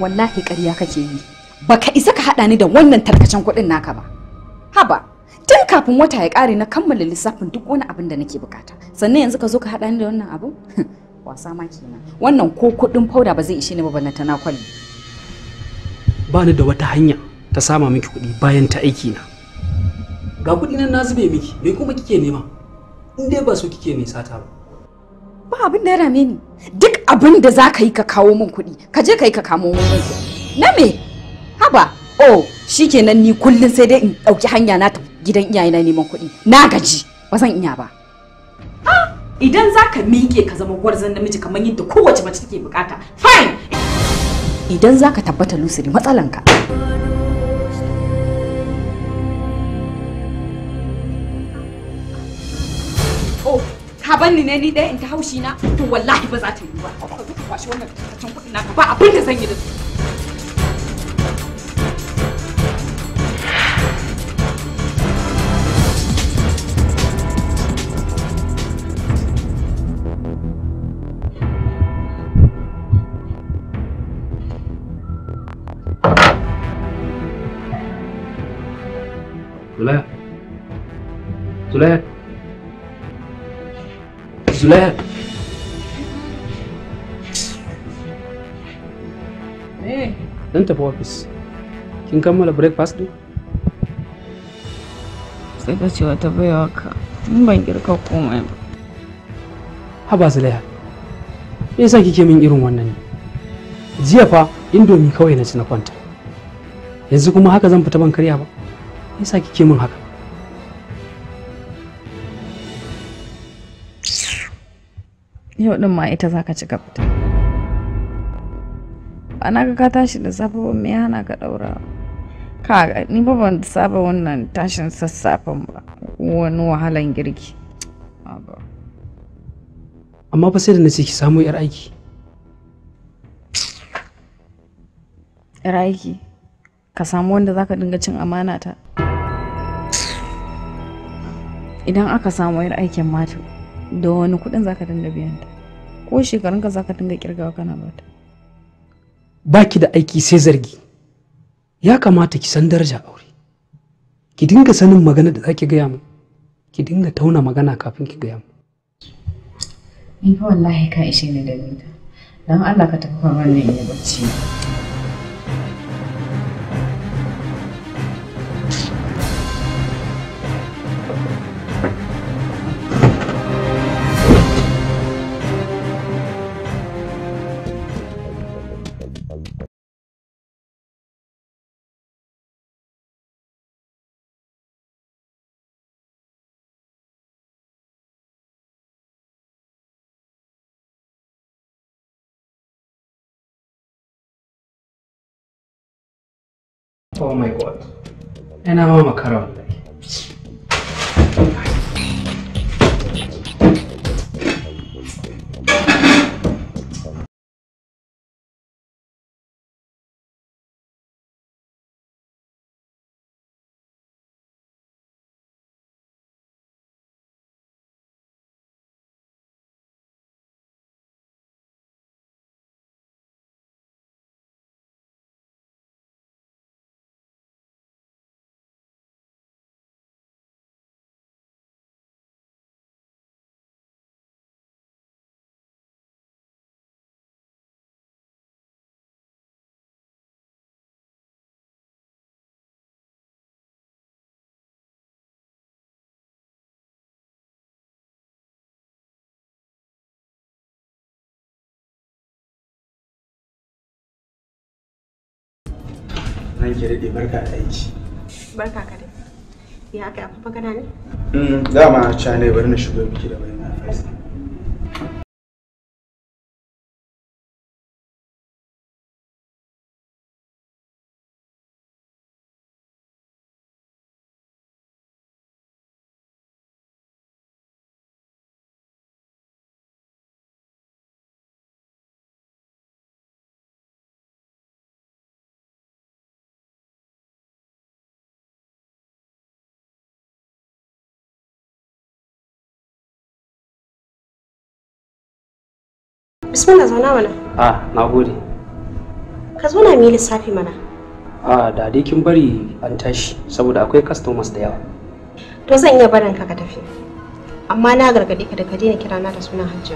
wallahi ƙarya kake yi baka isa ka haɗa ni da wannan tarkacen kuɗin naka ba haba tun kafin wata ya ƙare na kammala lissafin duk wani abin da nake bukata sannan yanzu ka zo ka haɗa ni da wannan abu wasa ma kenan wannan ko kuɗin fauda ba zai ishe ni ba na ta nakwali ba ni da wata hanya ta sama miki kuɗi bayan ta aiki na ga kuɗi nan na zube miki me kuma kike nema in dai ba so kike mai sata ba ba abin da ya rame ni duk abin da za ka yi ka kawo min kuɗi ka je ka yi ka kamo min kuɗi na me haba oh shikenan ni kullum sai dai in ɗauki hanya na ta gidan iyayena neman kuɗi na gaji ba zan iya ba idan za ka miƙe ka zama gwarzon namiji kamar yadda kowace mace take bukata fine idan za ka tabbata lusiri matsalanka ka banni ne ni ɗaya in ta haushi na to wallahi ba za ta yi ba ka duka kwashe wannan tattacin kuɗin naka ba abin da zan yi da su Zulaya. Zulaya. Slap. Eh, dan tafi office. Kin kammala breakfast din? Sai ka ce wata baiwa ka. Mun ban girka komai ba. Haba Zulaiha. Me yasa kike min irin wannan ne? Jiya fa indomi kawai na ci na kwanta. Yanzu kuma haka zan fita ban karya ba. Me yasa kike min haka? yau din ma ita zaka ci gaba da ana ga ka tashi da safe ba me yana ka daura ka ni ba ban saba wannan tashin sassafen ba wani wahalan girki amma fa sai da nace ki samu yar aiki yar aiki ka samu wanda zaka dinga cin amana ta idan aka samu yar aikin mata da wani kudin zaka dinga biyan ta ko shekarunka za ka dinga kirgawa kana bata ba ki da aiki sai zargi ya kamata ki san daraja aure ki dinga sanin magana da za ki gaya mu ki dinga tauna magana kafin ki gaya mu ni fa wallahi ka ishe ni da ni dan Allah ka tafi kamar ne ya bacci oh my god yana ma makara wallahi ranke daɗe barka da aiki barka ka dai ya aka yi a farfagana ne dama ca ne bari na shigo biki da bayan na Bismillah zauna mana. Ah, na gode. Ka zauna mu yi lissafi mana. Ah, da dai kin bari an tashi saboda akwai customers da yawa. To zan iya barin ka ka tafi. Amma na gargaɗe ka da ka daina kira na da sunan Hajja.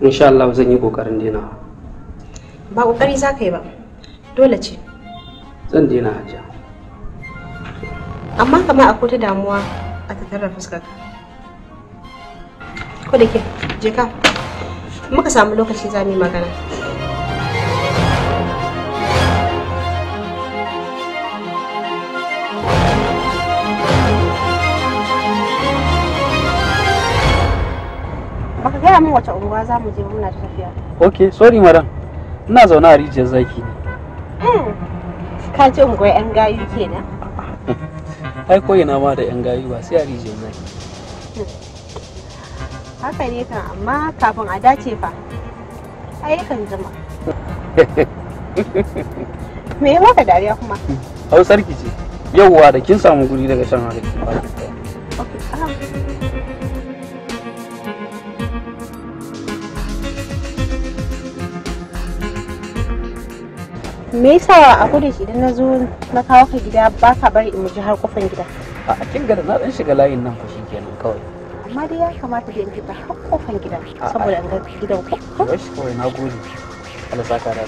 Insha Allah zan yi kokarin daina. Ba kokari za ka yi ba. Dole ce. Zan daina Hajja. Amma kamar akwai ta damuwa a tattara fuskar. Ko da ke, je ka. muka samu lokaci za mu yi magana baka gaya min wace unguwa za mu je muna ta tafiya ok sorry madam ina zaune a rijiyar zaki ne hmm. ka ce unguwar yan gayu kenan ai ko ina ma da yan gayu ba sai a rijiyar zaki hmm. haka ne kan amma kafin a dace fa ai kan jima me maka dariya kuma hau sarki ce yauwa da kin samu guri daga shan haka me yasa a kudu idan na zo na kawo ka gida ba ka bari in ji har kofin gida a kin na dan shiga layin nan fa kenan kawai amma dai ya kamata da yanzu ba har kofan gidan saboda an gidan ko ko shi kawai na gode Allah saka da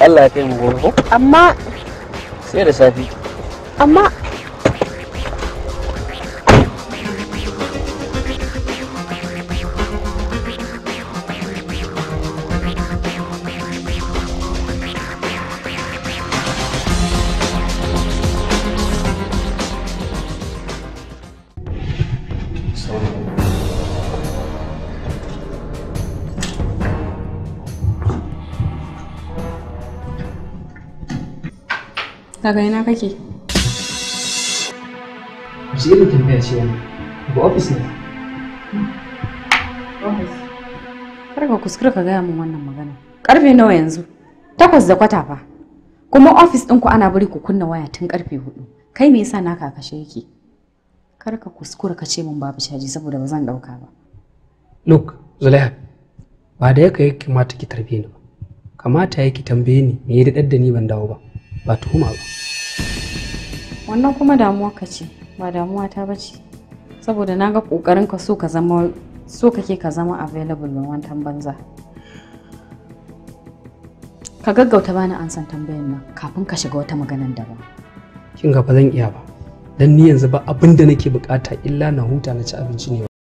Allah ya kai mu gobe ko amma sai da safi amma daga ina kake shi irin tambaya ce yana ba ofis ne kar ka kuskura ka gaya min wannan magana karfe nawa yanzu takwas da kwata fa kuma ofis ɗinku ana bari ku kunna waya tun karfe hudu kai me yasa naka kashe yake kar ka kuskura ka ce min babu caji saboda bazan zan ɗauka ba look zulaiha ba da yaka kamata ki tarbe ni ba kamata yake ki tambaye ni me ya daɗar da ni ban dawo ba ba tuhuma ba wannan kuma damuwa ka ce ba damuwa ta ce. saboda na ga ƙoƙarin ka so ka zama so kake ka zama available ba wantan banza ka gaggauta bani an san tambayar nan kafin ka shiga wata maganan daban kin ga ba zan iya ba dan ni yanzu ba abin da nake bukata illa na huta na ci abinci ne ba.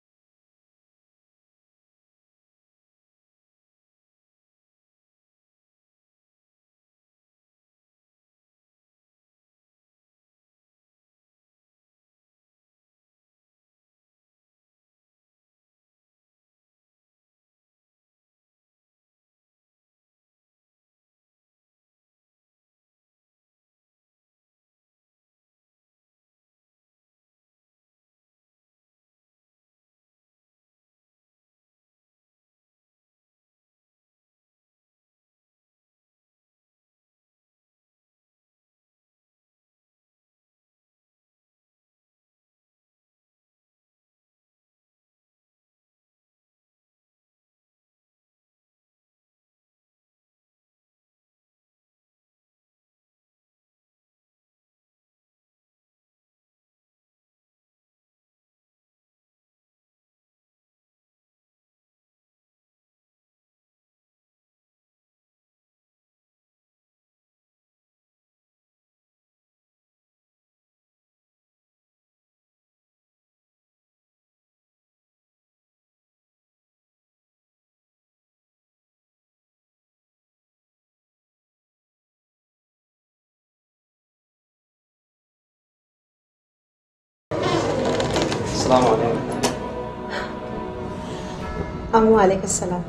Assalamu alaikum.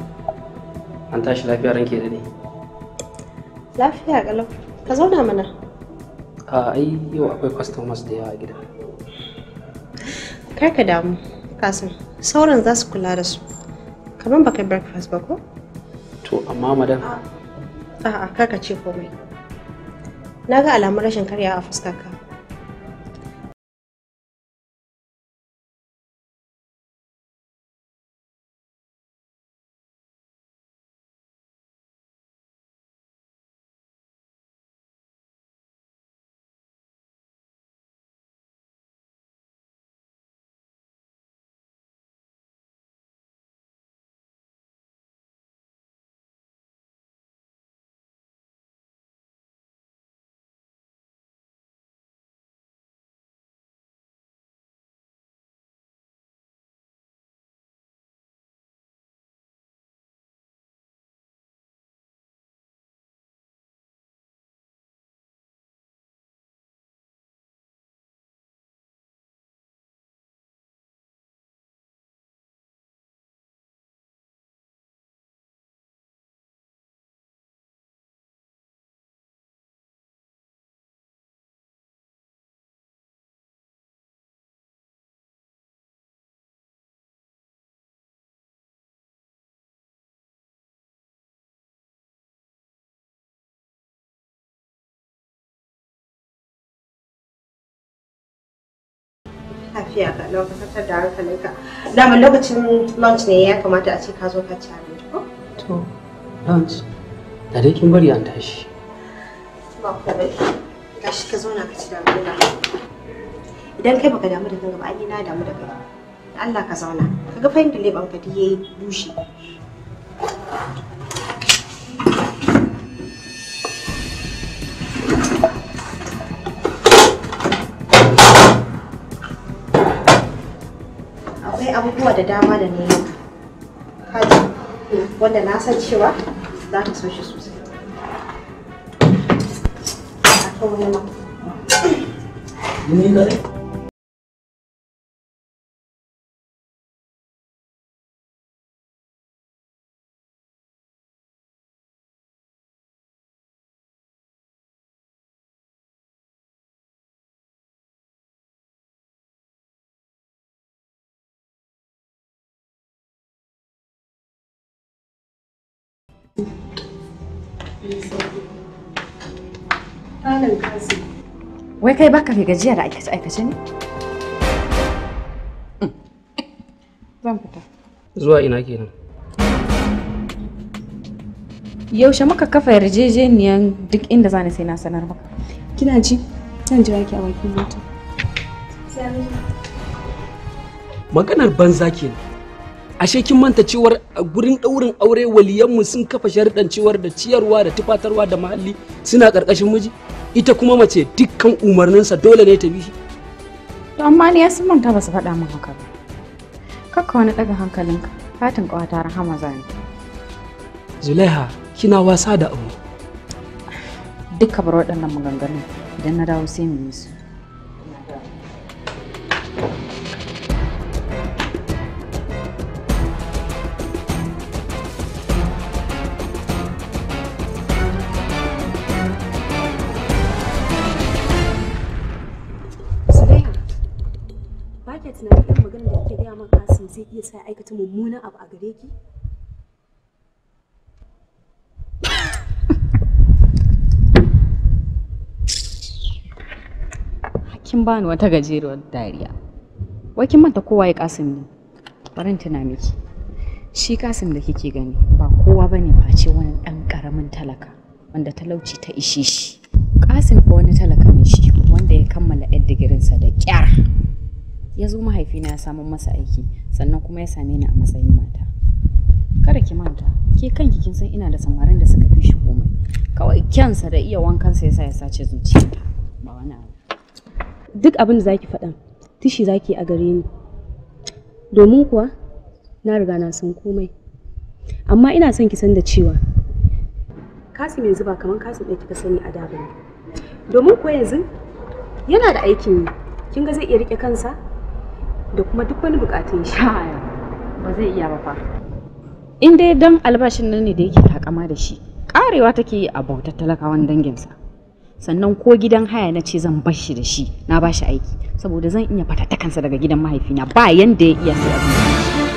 An tashi lafiya ranke da ne? Lafiya galau. Ka zauna mana. A ai yau akwai customers da yawa a gida. Kar ka damu, Kasim. Sauran za kula da su. Kamar ba kai breakfast ba To amma madam. A'a, kar ka ce komai. Na ga alamar rashin karya a fuskarka. lafiya ka lau ka tattar da hankalinka dama lokacin lunch ne ya kamata a ce ka zo ka ci abinci ko to lunch da dai kin bari an tashi ba komai gashi ka zauna ka ci da abinka idan kai baka damu da kanka ba ai na damu da kai Allah ka zauna ka fa inda leban ka yayi bushe abubuwa da dama da nema kaji wanda na san cewa za ka so shi sosai a kawo Malam Kasim. Wai kai baka kai gajiya da aikace aikace ne? Zan fita. Zuwa ina kenan? Yaushe muka kafa yarjejeniyan duk inda zani sai na sanar maka. Kina ji? Zan jira ki a bakin mota. Maganar banza kenan. ashe kin manta cewar gurin daurin aure waliyanmu sun kafa sharuɗan cewar da ciyarwa da tufatarwa da mahalli suna ƙarƙashin miji ita kuma mace dukkan umarninsa dole ne ta bi to amma ni yasu manta ba su faɗa min haka ba kakka wani ɗaga hankalinka fatin ƙawata rahama zani zulaiha kina wasa da abu duka bar waɗannan maganganun idan na dawo sai mu yi su wata mummunan abu a gare ki kin bani wata gajeruwar dariya wai kin manta kowa ya kasim ne in tuna miki shi kasim da kike gani ba kowa bane face wani dan karamin talaka wanda talauci ta ishe shi kasim ko wani talaka ne shi wanda ya kammala yan digirinsa da kyar ya zo mahaifina ya samu masa aiki sannan kuma ya same ni a matsayin mata kada ki manta ke kanki kin san ina da samarin da suka fi shi komai kawai kyansa da iya wankansa yasa ya sace zuciya ba wani abu duk abin da zaki faɗa tishi zaki a gare ni domin kuwa na riga na san komai amma ina son ki san da cewa kasi mai zuba kamar kasi ɗaya kika sani a da domin kuwa yanzu yana da aikin yi kin ga zai iya rike kansa da kuma duk wani bukatun shi ba zai iya ba fa in dai dan albashin nan ne da yake takama da shi karewa take yi a bautar talakawan danginsa sannan ko gidan haya na ce zan bashi da shi na bashi aiki saboda zan iya kansa daga gidan mahaifina ba yanda ya iya sai abin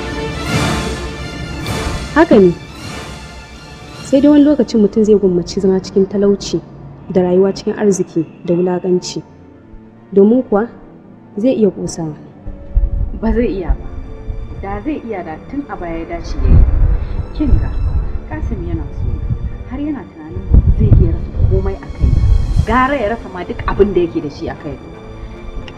haka ne sai dai wani lokacin mutum zai gummaci zama cikin talauci da rayuwa cikin arziki da wulaƙanci domin kuwa zai iya ƙosawa ba zai iya ba da zai iya da tun a baya ya dace ya yi kin ga kasim yana so har yana tunanin zai iya rasa komai a kai gara ya rasa ma duk abin da yake da shi a kai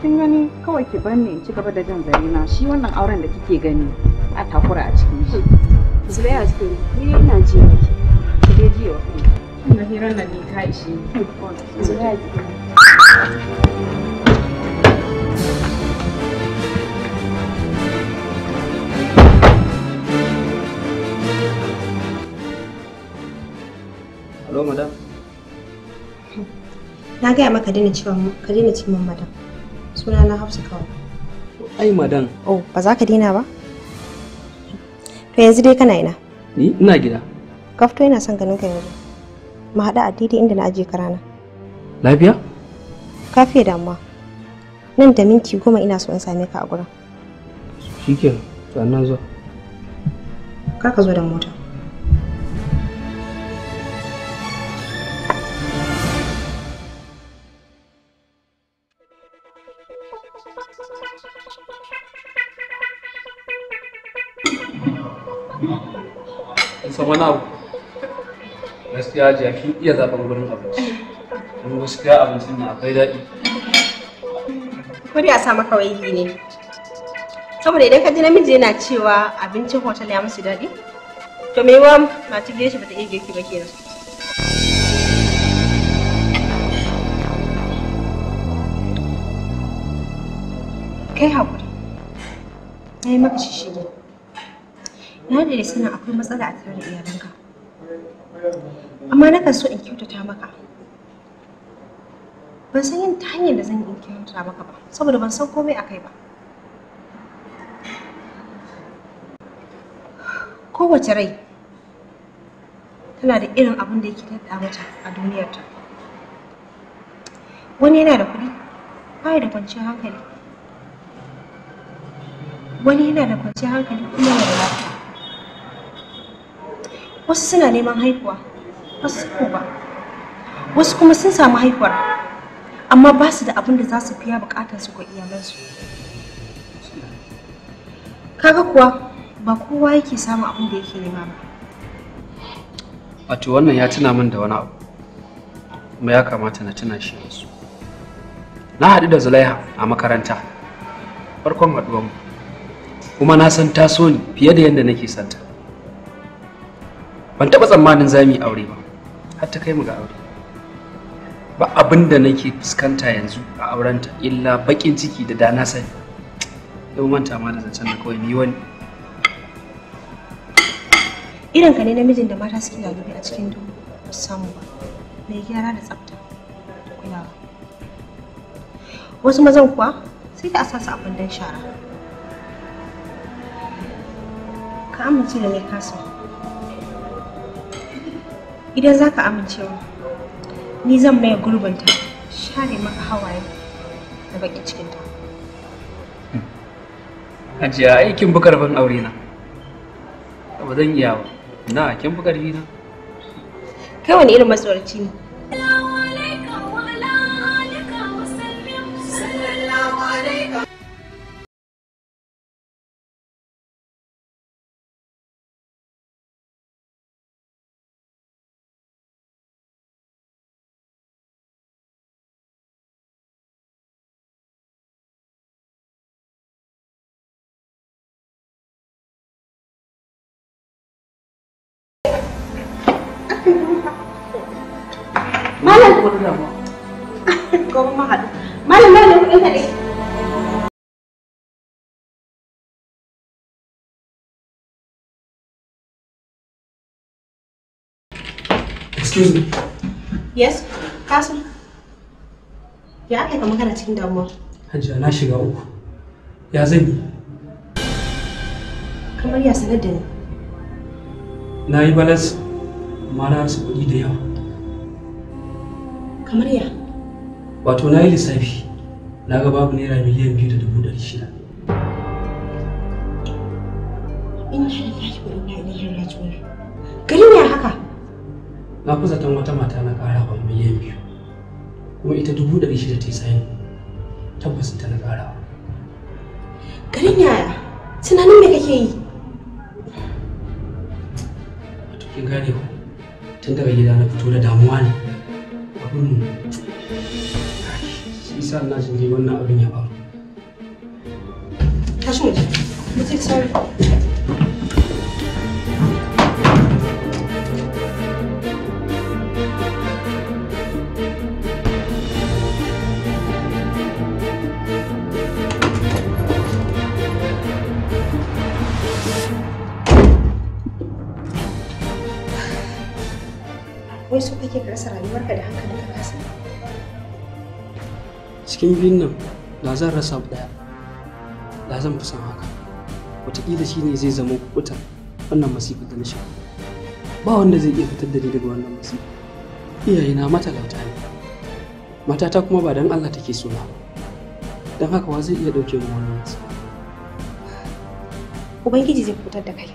kin gani kawai ki banne in ci gaba da jan zare na shi wannan auren da kike gani a takura a cikin shi zubai a cikin ni ina ji wa ki ki dai ji wa ki na hirar nan ni ta ishe ki zubai a cikin Hello, madam. Na gaya maka daina cewa ka daina cin min madam. Suna na Hafsa kawai. Ai madam. Oh, ba za ka daina ba? To yanzu dai kana ina? Ni ina gida. Kafto yana son ganin ka yanzu. Mu haɗu a daidai inda na aje ka rana. Lafiya? Ka fiye damuwa. Nan da minti goma ina so in same ka a gurin. Shikenan, sannan zo. Kar ka zo da mota. wani abu gaskiya jiya kin iya zaɓen gurin abinci don gaskiya abincin na akwai daɗi kuriya sa maka waigi ne saboda idan ka ji namiji yana cewa abincin hotel ya musu daɗi to me wa mata gidan shi bata iya girki ba kenan kai haƙuri na yi maka shi ne. na da sanin akwai matsala a tare da iyalanka amma na kan so in kyautata maka ban san yin ta hanyar da zan yi in kyautata maka ba saboda ban san komai a kai ba kowace rai tana da irin abin da yake daɗa mata a duniyarta wani yana da kuɗi ba da kwanciyar hankali wani yana da kwanciyar hankali kuma yana da lafiya wasu suna neman haihuwa wasu ba wasu kuma sun samu haihuwar amma ba su da abin da za su fiya bukatar su ga iyalansu kaga kuwa ba kowa yake samun abin da yake nema ba wato wannan ya tuna min da wani abu kuma ya kamata na tuna shi yanzu na haɗu da zulaiha a makaranta farkon haɗuwanmu kuma na san taso ni fiye da yadda nake santa ban taɓa tsammanin za mu yi aure ba har ta kai mu ga aure ba abin da nake fuskanta yanzu a aurenta illa baƙin ciki da dana sani ya manta ma da zancen da kawai ni wani irin ka ne namijin da mata suke lalube a cikin duhu ba samu ba mai gyara da tsafta da kulawa wasu mazan kuwa sai ta asasa abin dan shara ka amince da mai kasa idan za ka amincewa ni zan maye gurbinta share maka hawaye da baƙin cikinta hmm. Ajiya! aikin bukar ban aure na ba zan iya ba na kin bukar na kai wani irin matsoraci ne Excuse me. Yes, Kasim. Ya aka yi magana cikin damuwa. Hajiya na shiga uku. Ya zan yi? Kamar ya sanar da ni. Na yi balas amma na rasa kuɗi da yawa. Kamar ya? Wato na yi lissafi. Na ga babu naira miliyan biyu da dubu ɗari shida. Inna lillahi wa inna ilaihi raji'un. Garin ya haka? na fi wata mata na ƙara wa miliyan biyu kuma ita dubu ɗari shida ta tsaye tsayin tabbas ta na ƙara garin yaya tunanin me kake yi wato kin gane ku tun daga gida na fito da damuwa ne abin shi sa na shi wannan abin ya faru tashi mu je mu je sorry kawai so kake ka rasa rayuwarka da hankali ka kasa cikin biyun nan da zan rasa daya da zan fi san haka wataƙila shi ne zai zama kuta wannan masifar da na sha ba wanda zai iya fitar da ni daga wannan masifar iyayena matalauta ne matata kuma ba don allah take suna don haka wa zai iya ɗauke mu wannan masifar ubangiji zai fitar da kai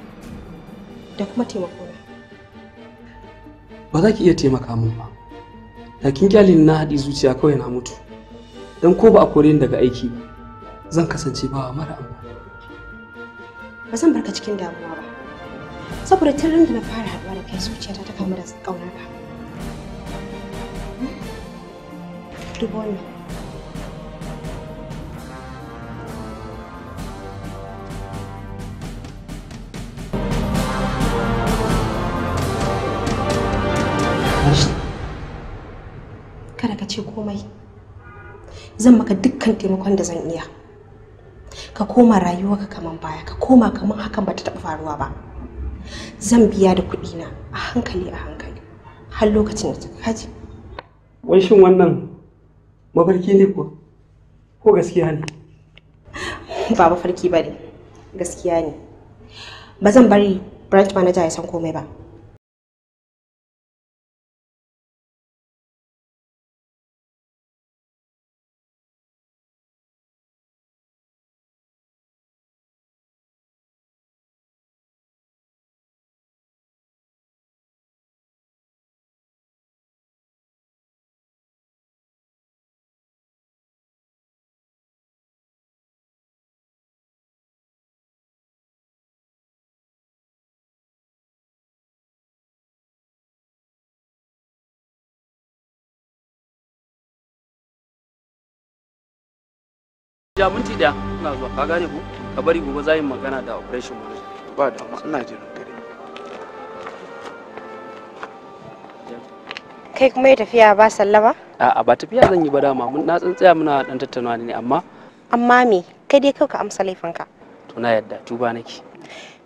da kuma taimako ba za ki iya taimaka min ba da kin kyale na haɗi zuciya kawai na mutu don ko ba a kore ni daga aiki zan kasance bawa mara amfani ba zan barka cikin damuwa ba saboda tun da na fara haɗuwa da kai zuciyata ta kamu da ƙaunar ka hmm? duk wannan ka ce komai zan maka dukkan taimakon da zan iya ka koma rayuwarka kaman baya ka koma kaman hakan bata taɓa faruwa ba zan biya da kuɗina a hankali a hankali har lokacin da ka ji wai shin wannan mafarki ne ko ko gaskiya ne ba mafarki ba ne gaskiya ne ba zan bari branch manager ya san komai ba Ja minti daya ina zuwa ka gane ku ka bari gobe za mu magana da operation manager. Ba da amma ina jira gare. Kai kuma ya tafiya ba sallama? A'a ba tafiya zan yi ba dama mun na tsantsaya muna dan tattaunawa ne amma amma me kai dai kawai ka amsa laifinka. To na yadda tuba nake.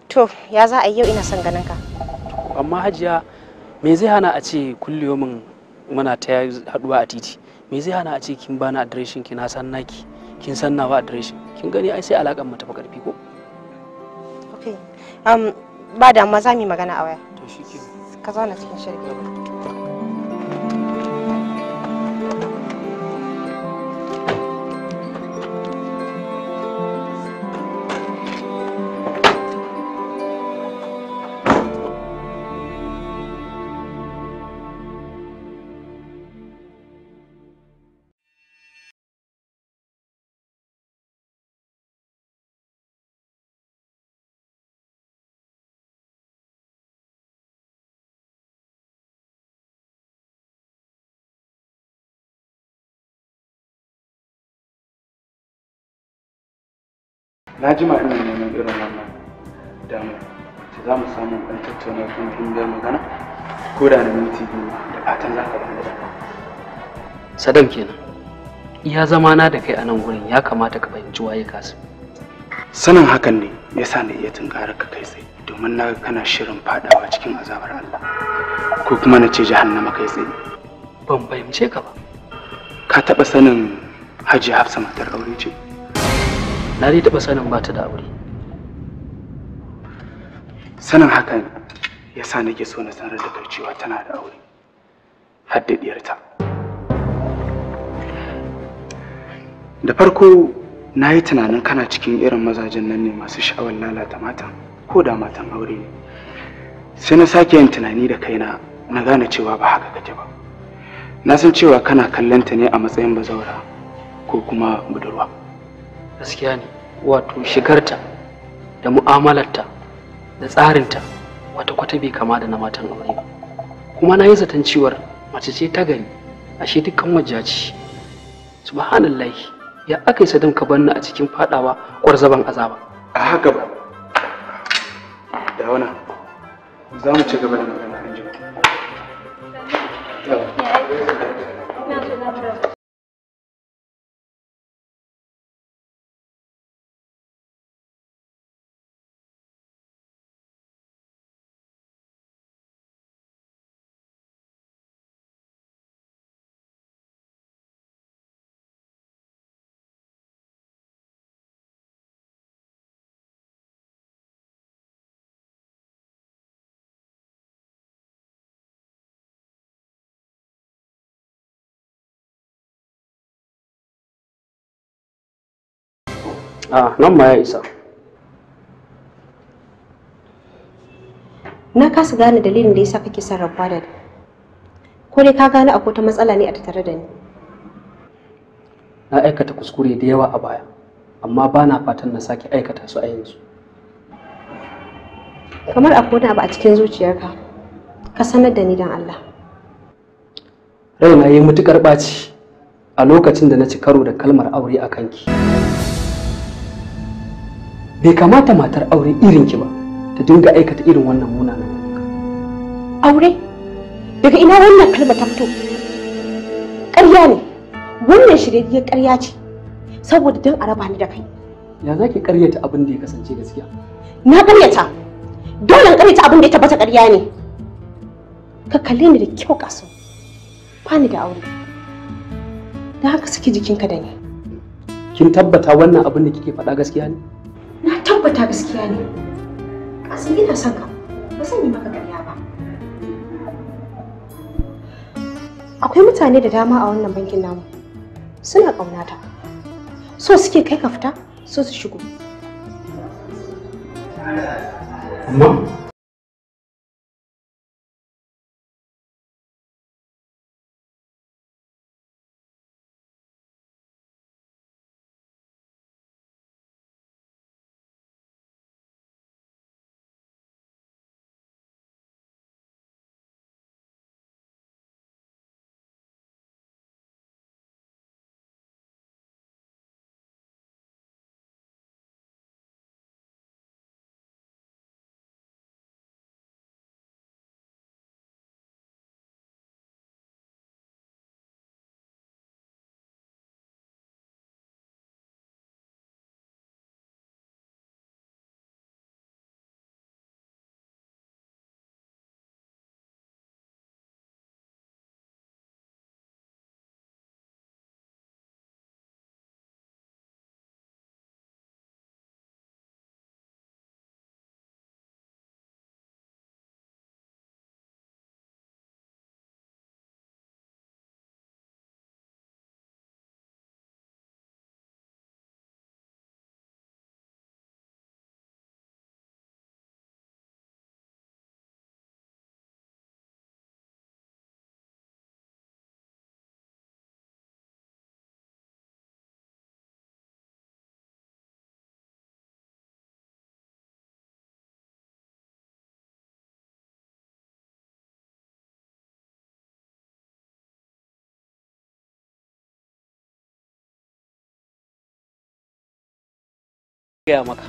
To ya za a yi yau ina son ganin ka. Amma Hajiya me zai hana a ce kulliyomin muna ta haduwa a titi me zai hana a ce kin bani adireshin ki na san naki. kin san nawa adireshin kin gani ai sai alakan mata karfi ko um, ba da amma za mu yi magana a waya to shikenan ka zauna cikin na jima ina neman irin wannan dama ta za mu samu ɗan tattauna kan magana ko da na minti biyu da fatan za ka bani da sadam kenan iya zama na da kai a nan gurin ya kamata ka fahimci waye kasu sanin hakan ne ya sa na iya tunkarar ka kai tsaye domin na kana shirin fadawa cikin azabar Allah ko kuma na ce jahannama kai tsaye ban fahimce ka ba ka taɓa sanin hajji hafsa matar aure ce na dai taɓa sanin ba ta da aure sanin hakan ya sa nake so na sanar da kai cewa tana da aure har da diyarta da farko na yi tunanin kana cikin irin mazajen nan ne masu sha'awar lalata mata ko da matan aure ne sai na sake yin tunani da kaina na gane cewa ba haka kake ba na san cewa kana kallonta ne a matsayin bazaura ko kuma budurwa gaskiya ne wato shigarta da mu'amalarta da tsarinta wata kwata bai kama da na matan aure ba kuma na yi zaton cewar mace ce ta gari ashe dukkan wajaci. Subhanallah, ya aka yi sadan ka banna a cikin fadawa kwarzaban azaba a haka ba da wana za mu ci gaba da magana a ah, nan ma ya isa na kasa gane dalilin da ya kake kisan rabuwa da ni ko dai ka gane akwai ta matsala ne a tattare da ni na aikata kuskure da yawa a baya amma ba na fatan na sake aikata su a yanzu kamar a kona ba a cikin zuciyarka ka sanar da ni don Allah raina yi mutukar ɓaci a lokacin da na ci karo da kalmar aure a kanki. bai kamata matar aure irin ki ba ta dinga aikata irin wannan munanan aure daga ina wannan kalma ta fito ƙarya ne wannan shiryayyar ƙarya ce saboda don a raba ni da kai ya za ki ƙaryata abin da ya kasance gaskiya na ƙaryata dole ƙaryata abin da ya tabbata ƙarya ne ka kalle ni da kyau kaso ba ni da aure da haka saki jikinka da ni kin tabbata wannan abin da kike faɗa gaskiya ne na tabbata gaskiya ne kasan ina son ka ba zan yi maka ƙarya ba akwai mutane da dama a wannan bankin namu suna ƙaunata so suke kai ka fita so su shigo gaya maka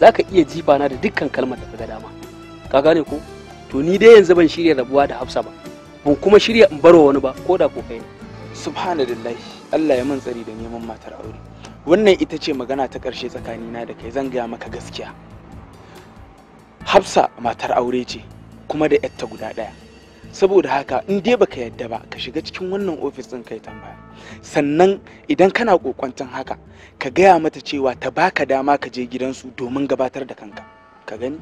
za ka iya jifa na da dukkan kalmar da ga dama ka gane ko to ni dai yanzu ban shirya rabuwa da hafsa ba ban kuma shirya in baro wani ba ko da ko ne subhanallahi Allah ya man tsari da neman matar aure wannan ita ce magana ta karshe ƙarshe na da kai zan gaya maka gaskiya hafsa matar aure ce kuma da yatta guda ɗaya saboda haka in dai baka yadda ba ka shiga cikin wannan ofis ɗin kai tambaya sannan idan kana kokwanton haka ka gaya mata cewa ta baka dama ka je gidansu domin gabatar da kanka ka gani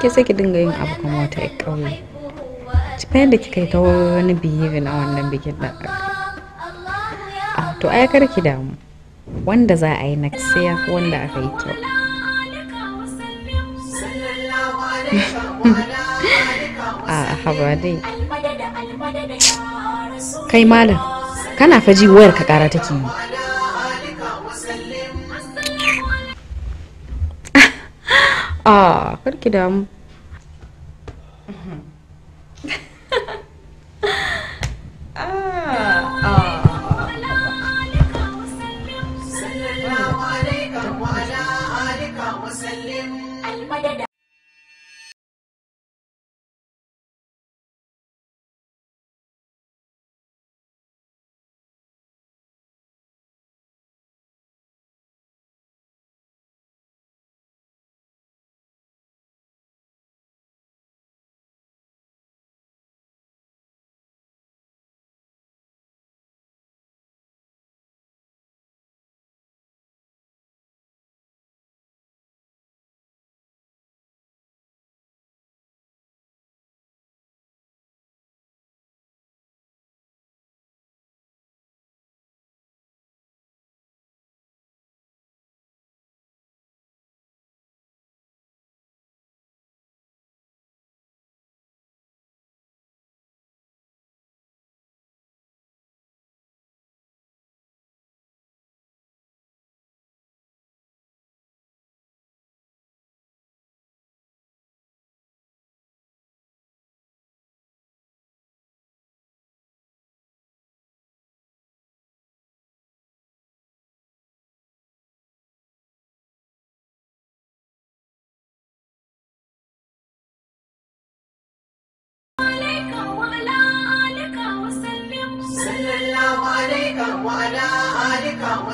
ke sai ki dinga yin abu kuma wata ya ƙauye cikin yadda kika yi ta wani biyu na wannan bikin ɗan ah, to ai ki damu wanda za a yi na sai ya fi wanda aka yi kyau a ah, haba dai kai malam kana fa ji wayar ka kara take yi a ah, karki damu ah, ah.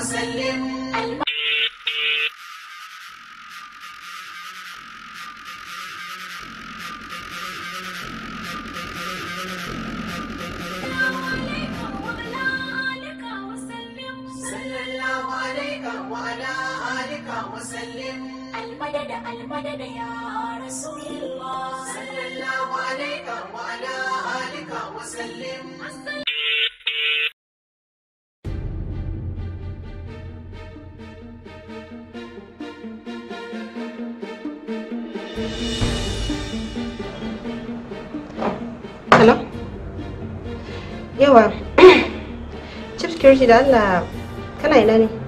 وسلم yawa chief security da allah kana ina ne